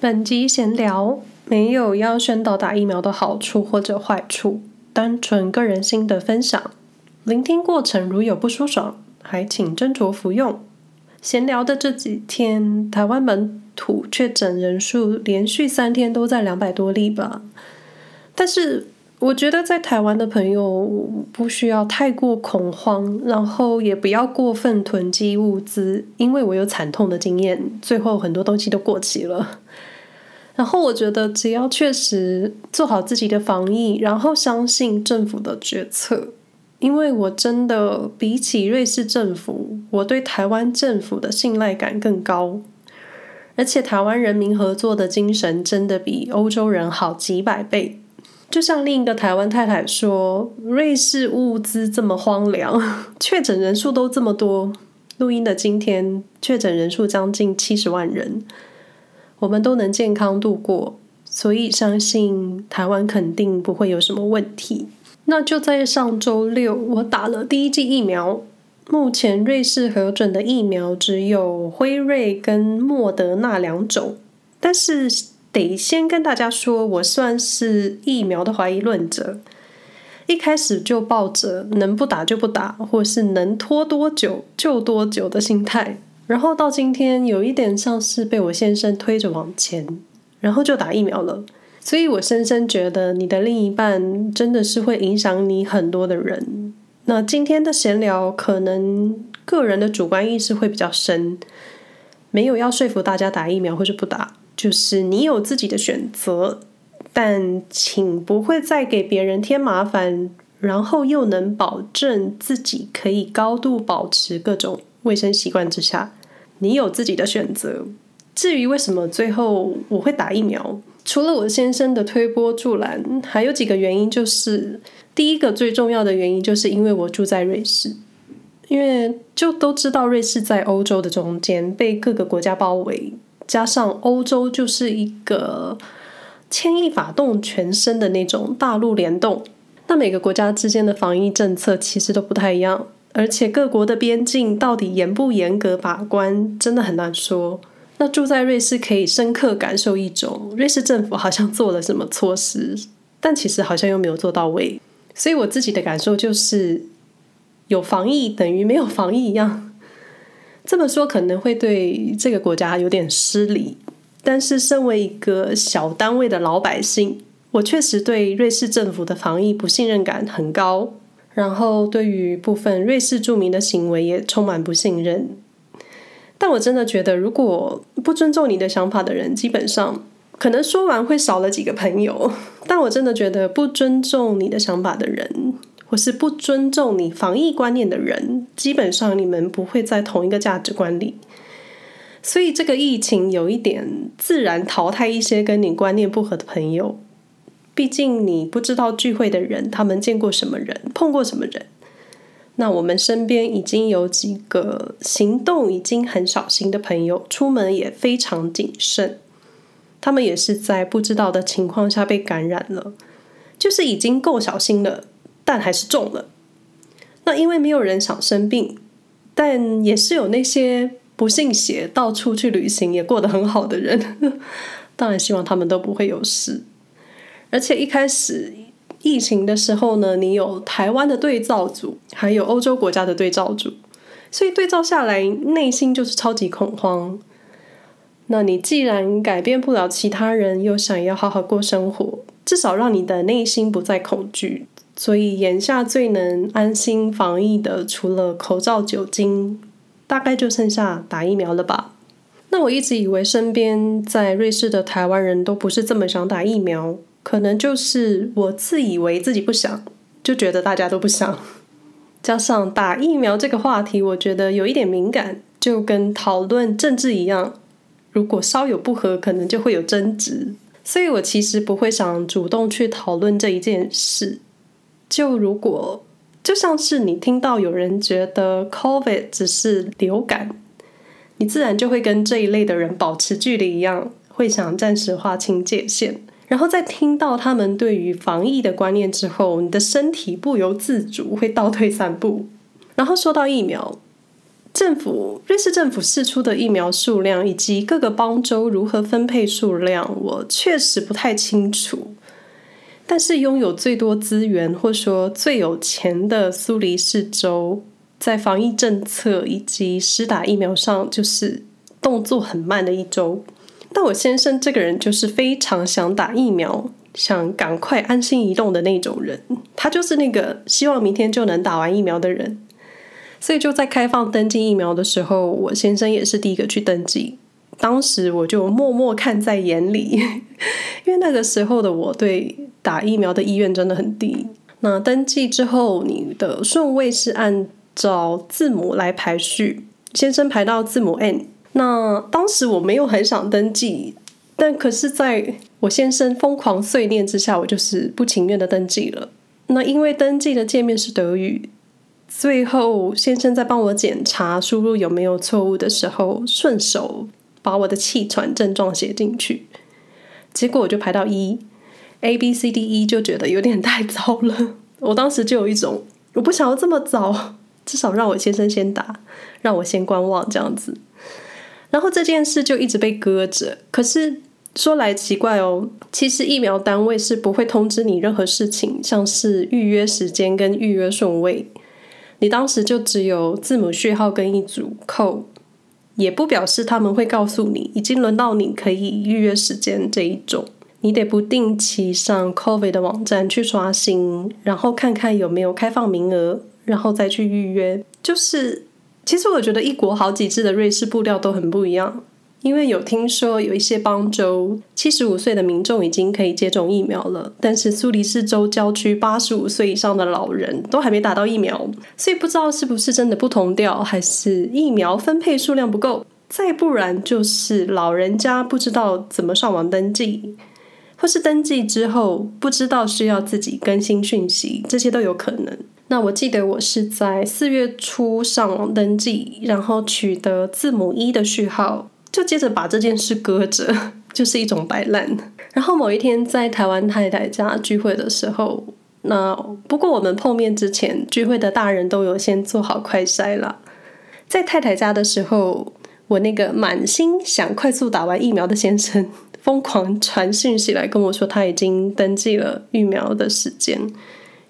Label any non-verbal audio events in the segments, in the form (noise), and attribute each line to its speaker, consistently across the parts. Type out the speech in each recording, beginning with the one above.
Speaker 1: 本集閒聊沒有要宣導打疫苗的好處或者壞處，單純個人心得分享。聆聽過程如有不舒爽，還請斟酌服用。閒聊的這幾天，台灣本土確診人數連續三天都在兩百多例吧，但是，我覺得在台灣的朋友不需要太過恐慌，然後也不要過分囤積物資，因為我有慘痛的經驗，最後很多東西都過期了。然後我覺得只要確實做好自己的防疫，然後相信政府的決策，因為我真的比起瑞士政府，我對台灣政府的信賴感更高，而且台灣人民合作的精神真的比歐洲人好幾百倍。就像另一個台灣太太說：“瑞士物資這麼荒涼，確診人數都這麼多。錄音的今天，確診人數將近七十萬人，我們都能健康度過，所以相信台灣肯定不會有什麼問題。”那就在上週六，我打了第一劑疫苗。目前瑞士核准的疫苗只有輝瑞跟莫德納兩種，但是。得先跟大家說，我算是疫苗的懷疑論者，一開始就抱着能不打就不打，或是能拖多久就多久的心態，然後到今天有一點像是被我先生推着往前，然後就打疫苗了。所以我深深覺得，你的另一半真的是會影響你很多的人。那今天的閒聊，可能個人的主觀意識會比較深，沒有要說服大家打疫苗或是不打。就是你有自己的選擇，但請不會再給別人添麻煩，然後又能保證自己可以高度保持各種衛生習慣之下，你有自己的選擇。至於為什麼最後我會打疫苗，除了我先生的推波助瀾，還有幾個原因，就是第一個最重要的原因，就是因為我住在瑞士，因為就都知道瑞士在歐洲的中間，被各個國家包圍。加上歐洲就是一個牽一髮動全身的那種大陸聯動，那每個國家之間的防疫政策其實都不太一樣，而且各國的邊境到底嚴不嚴格把關，真的很難說。那住在瑞士可以深刻感受一種，瑞士政府好像做了什麼措施，但其實好像又沒有做到位，所以我自己的感受就是，有防疫等於沒有防疫一樣。這麼說可能會對這個國家有點失禮，但是身為一個小單位的老百姓，我確實對瑞士政府的防疫不信任感很高，然後對於部分瑞士住民的行為也充滿不信任。但我真的覺得，如果不尊重你的想法的人，基本上可能說完會少了幾個朋友。但我真的覺得，不尊重你的想法的人。我是不尊重你防疫觀念的人，基本上你們不會在同一個價值觀裡。所以這個疫情有一點自然淘汰一些跟你觀念不合的朋友。畢竟你不知道聚會的人，他們見過什麼人，碰過什麼人。那我們身邊已經有幾個行動已經很小心的朋友，出門也非常謹慎。他們也是在不知道的情況下被感染了，就是已經夠小心了。但還是中了。那因為沒有人想生病，但也是有那些不信邪，到處去旅行也過得很好的人呵呵。當然希望他們都不會有事。而且一開始疫情的時候呢，你有台灣的對照組，還有歐洲國家的對照組，所以對照下來，內心就是超級恐慌。那你既然改變不了其他人，又想要好好過生活，至少讓你的內心不再恐懼。所以眼下最能安心防疫的，除了口罩、酒精，大概就剩下打疫苗了吧。那我一直以為身邊在瑞士的台灣人都不是這麼想打疫苗，可能就是我自以為自己不想，就覺得大家都不想。加上打疫苗這個話題，我覺得有一點敏感，就跟討論政治一樣，如果稍有不合，可能就會有爭執。所以我其實不會想主動去討論這一件事。就如果就像是你聽到有人覺得 COVID 只是流感，你自然就會跟這一類的人保持距離一樣，會想暫時劃清界限。然後在聽到他們對於防疫的觀念之後，你的身體不由自主會倒退三步。然後說到疫苗，政府，瑞士政府釋出的疫苗數量以及各個邦州如何分配數量，我確實不太清楚。但是擁有最多資源或說最有錢的蘇黎世州，在防疫政策以及施打疫苗上，就是動作很慢的一州。但我先生這個人就是非常想打疫苗，想趕快安心移動的那種人，他就是那個希望明天就能打完疫苗的人。所以就在開放登記疫苗的時候，我先生也是第一個去登記。當時我就默默看在眼裡，因為那個時候的我對打疫苗的意願真的很低。那登記之後，你的順位是按照字母來排序，先生排到字母 N。那當時我沒有很想登記，但可是在我先生瘋狂碎念之下，我就是不情願的登記了。那因為登記的界面是德語，最後先生在幫我檢查輸入有沒有錯誤的時候，順手。把我的氣喘症狀寫進去，結果我就排到一，A B C D E，就覺得有點太早了。我當時就有一種，我不想要這麼早，至少讓我先生先打，讓我先觀望這樣子。然後這件事就一直被擱着。可是說來奇怪哦，其實疫苗單位是不會通知你任何事情，像是預約時間跟預約順位。你當時就只有字母序號跟一組扣。也不表示他們會告訴你已經輪到你可以預約時間，這一種，你得不定期上 COVID 的網站去刷新，然後看看有沒有開放名額，然後再去預約。就是，其實我覺得一國好幾制的瑞士布料都很不一樣。因為有聽說有一些邦州七十五歲的民眾已經可以接種疫苗了，但是蘇黎世州郊區八十五歲以上的老人都還沒打到疫苗，所以不知道是不是真的不同調，還是疫苗分配數量不夠，再不然就是老人家不知道怎麼上網登記，或是登記之後不知道需要自己更新訊息，這些都有可能。那我記得我是在四月初上網登記，然後取得字母一的序號。就接着把這件事擱着，就是一種擺爛。然後某一天在台灣太太家聚會的時候，那不過我們碰面之前，聚會的大人都有先做好快篩了。在太太家的時候，我那個滿心想快速打完疫苗的先生，瘋狂傳訊息來跟我說他已經登記了疫苗的時間，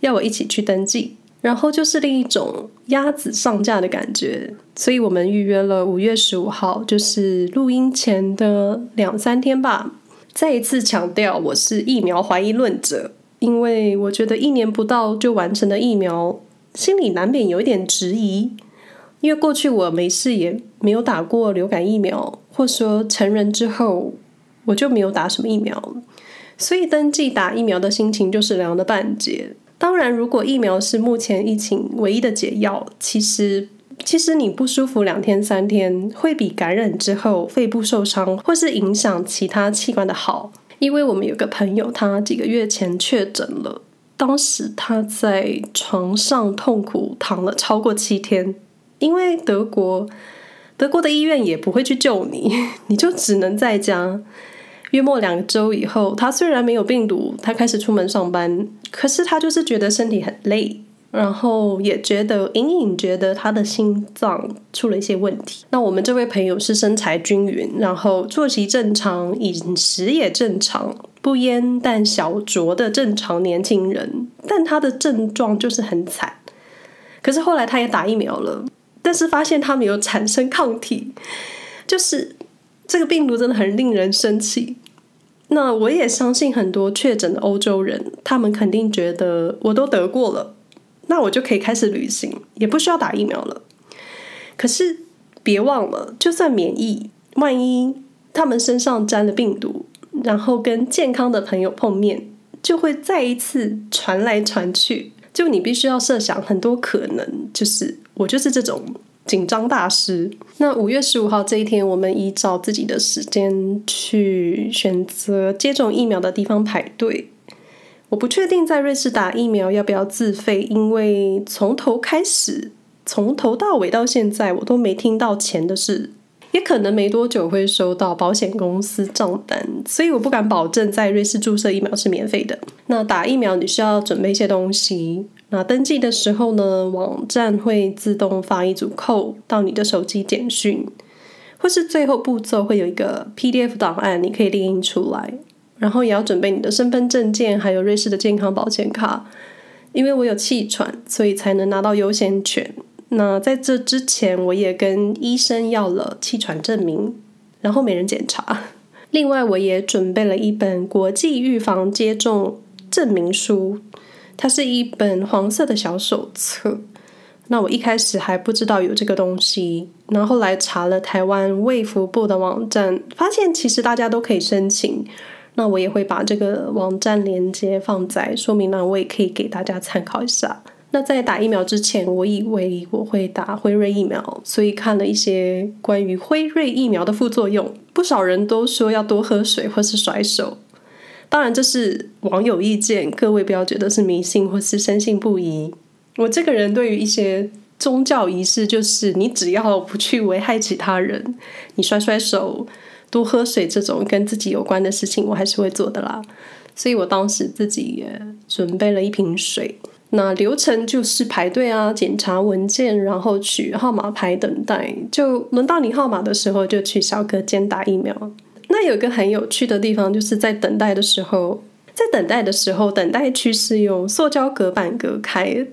Speaker 1: 要我一起去登記。然後就是另一種。鴨子上架的感覺，所以我們預約了五月十五號，就是錄音前的兩三天吧。再一次強調，我是疫苗懷疑論者，因為我覺得一年不到就完成的疫苗，心裡難免有一點質疑。因為過去我沒事也沒有打過流感疫苗，或說成人之後我就沒有打什麼疫苗，所以登記打疫苗的心情就是涼了半截。當然，如果疫苗是目前疫情唯一的解藥，其實其實你不舒服兩天三天，會比感染之後肺部受傷或是影響其他器官的好。因為我們有個朋友，他幾個月前確診了，當時他在床上痛苦躺了超過七天，因為德國德國的醫院也不會去救你，你就只能在家。月末兩周以後，他雖然沒有病毒，他開始出門上班，可是他就是覺得身體很累，然後也覺得隱隱覺得他的心臟出了一些問題。那我們這位朋友是身材均勻，然後作息正常，飲食也正常，不煙但小酌的正常年輕人，但他的症狀就是很慘。可是後來他也打疫苗了，但是發現他沒有產生抗體，就是。這個病毒真的很令人生氣。那我也相信很多確診的歐洲人，他們肯定覺得我都得過了，那我就可以開始旅行，也不需要打疫苗了。可是別忘了，就算免疫，萬一他們身上沾了病毒，然後跟健康的朋友碰面，就會再一次傳來傳去。就你必須要設想很多可能，就是我就是這種。緊張大師。那五月十五號這一天，我們依照自己的時間去選擇接種疫苗的地方排隊。我不確定在瑞士打疫苗要不要自費，因為從頭開始，從頭到尾到現在，我都沒聽到錢的事。也可能沒多久會收到保險公司賬單，所以我不敢保證在瑞士注射疫苗是免費的。那打疫苗你需要準備一些東西。那登記的時候呢，網站會自動發一組扣到你的手機簡訊，或是最後步驟會有一個 PDF 檔案，你可以列印出來。然後也要準備你的身份證件，還有瑞士的健康保險卡。因為我有氣喘，所以才能拿到優先權。那在這之前，我也跟醫生要了氣喘證明，然後沒人檢查。另外，我也準備了一本國際預防接種證明書，它是一本黃色的小手冊。那我一開始還不知道有這個東西，然後來查了台灣衛福部的網站，發現其實大家都可以申請。那我也會把這個網站鏈接放在說明欄，我也可以給大家參考一下。那在打疫苗之前，我以為我會打輝瑞疫苗，所以看了一些關於輝瑞疫苗的副作用。不少人都說要多喝水或是甩手，當然這是網友意見，各位不要覺得是迷信或是深信不疑。我這個人對於一些宗教儀式，就是你只要不去危害其他人，你甩甩手、多喝水這種跟自己有關的事情，我還是會做的啦。所以我當時自己也準備了一瓶水。那流程就是排隊啊，檢查文件，然後取號碼牌等待。就輪到你號碼的時候，就去小隔間打疫苗。那有一個很有趣的地方，就是在等待的時候，在等待的時候，等待區是用塑膠隔板隔開。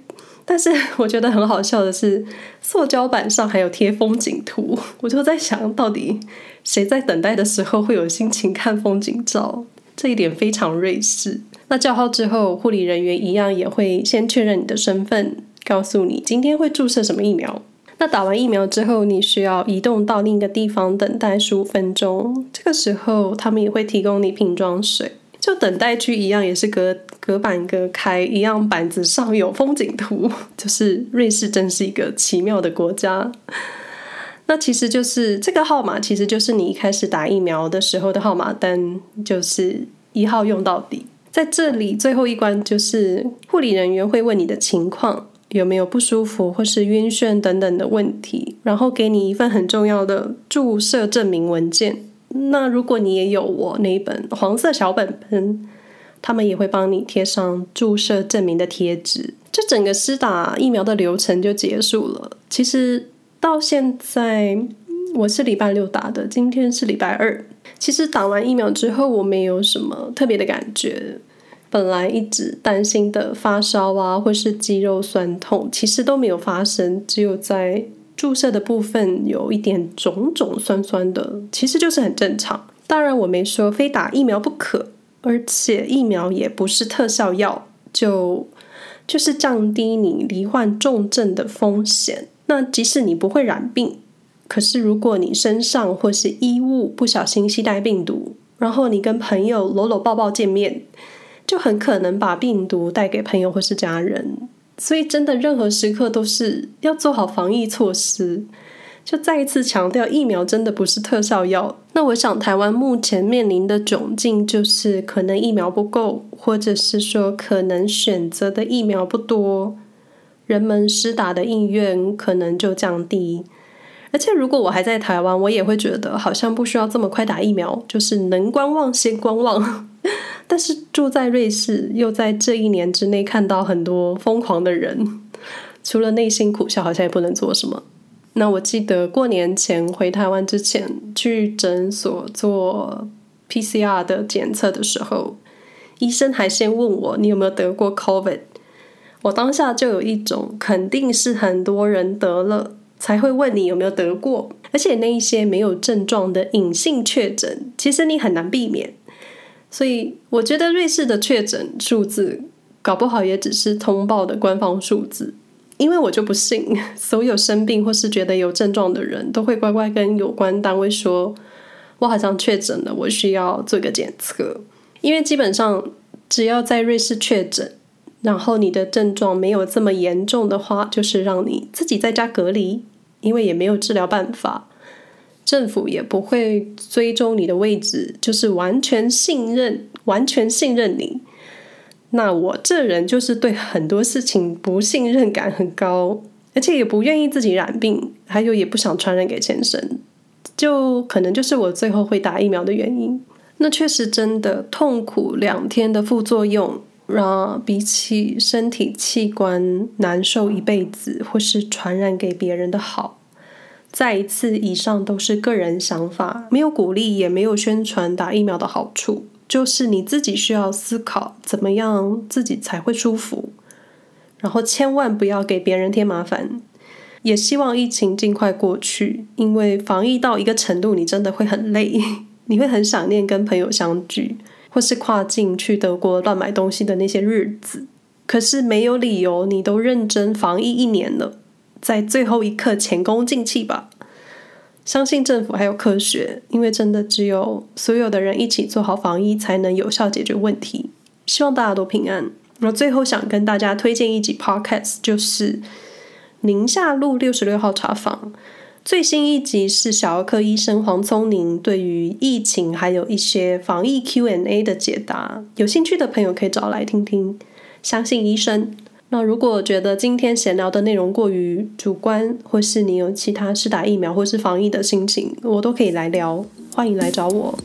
Speaker 1: 但是我覺得很好笑的是，塑膠板上還有貼風景圖。我就在想，到底誰在等待的時候會有心情看風景照？這一點非常瑞士。那叫號之後，護理人員一樣也會先確認你的身份，告訴你今天會注射什麼疫苗。那打完疫苗之後，你需要移動到另一個地方等待十五分鐘。這個時候，他們也會提供你瓶裝水。就等待區一樣，也是隔隔板隔開，一樣板子上有風景圖，就是瑞士，真是一個奇妙的國家。那其實就是這個號碼，其實就是你一開始打疫苗的時候的號碼單，就是一號用到底。在這裡最後一關就是護理人員會問你的情況，有沒有不舒服或是暈眩等等的問題，然後給你一份很重要的注射證明文件。那如果你也有我那一本黃色小本本，他們也會幫你貼上注射證明的貼紙。這整個施打疫苗的流程就結束了。其實到現在我是禮拜六打的，今天是禮拜二。其實打完疫苗之後，我沒有什麼特別的感覺。本來一直擔心的發燒啊，或是肌肉痠痛，其實都沒有發生。只有在注射的部分有一點腫腫痠痠的，其實就是很正常。當然，我沒說非打疫苗不可，而且疫苗也不是特效藥，就就是降低你罹患重症的風險。那即使你不會染病。可是，如果你身上或是衣物不小心攜帶病毒，然後你跟朋友摟摟抱抱見面，就很可能把病毒帶給朋友或是家人。所以，真的任何時刻都是要做好防疫措施。就再一次強調，疫苗真的不是特效藥。那我想，台灣目前面臨的窘境就是，可能疫苗不夠，或者是說可能選擇的疫苗不多，人們施打的意願可能就降低。而且如果我還在台灣，我也會覺得好像不需要這麼快打疫苗，就是能觀望先觀望。 (laughs) 但是住在瑞士，又在這一年之內看到很多瘋狂的人，除了內心苦笑，好像也不能做什麼。那我記得過年前回台灣之前去診所做 PCR 的檢測的時候，醫生還先問我，你有沒有得過 COVID，我當下就有一種肯定是很多人得了，才會問你有沒有得過，而且那一些沒有症狀的隱性確診，其實你很難避免。所以，我覺得瑞士的確診數字搞不好也只是通報的官方數字，因為我就不信所有生病或是覺得有症狀的人都會乖乖跟有關單位說：“我好像確診了，我需要做個檢測。”因為基本上只要在瑞士確診。然後你的症狀沒有這麼嚴重的話，就是讓你自己在家隔離，因為也沒有治療辦法，政府也不會追蹤你的位置，就是完全信任，完全信任你。那我這人就是對很多事情不信任感很高，而且也不願意自己染病，還有也不想傳染給先生，就可能就是我最後會打疫苗的原因。那確實真的痛苦兩天的副作用。讓比起身體器官難受一輩子，或是傳染給別人的好。再一次，以上都是個人想法，沒有鼓勵，也沒有宣傳打疫苗的好處，就是你自己需要思考怎麼樣自己才會舒服，然後千萬不要給別人添麻煩，也希望疫情儘快過去，因為防疫到一個程度，你真的會很累，你會很想念跟朋友相聚。或是跨境去德國亂買東西的那些日子，可是沒有理由，你都認真防疫一年了，在最後一刻前功盡棄吧？相信政府還有科學，因為真的只有所有的人一起做好防疫，才能有效解決問題。希望大家都平安。我最後想跟大家推薦一集 Podcast，就是寧夏路六十六號茶坊。最新一集是小兒科醫生黃瑽寧對於疫情還有一些防疫 Q&A 的解答，有興趣的朋友可以找來聽聽。相信醫生。那如果覺得今天閒聊的內容過於主觀，或是你有其他是打疫苗或是防疫的心情，我都可以來聊，歡迎來找我。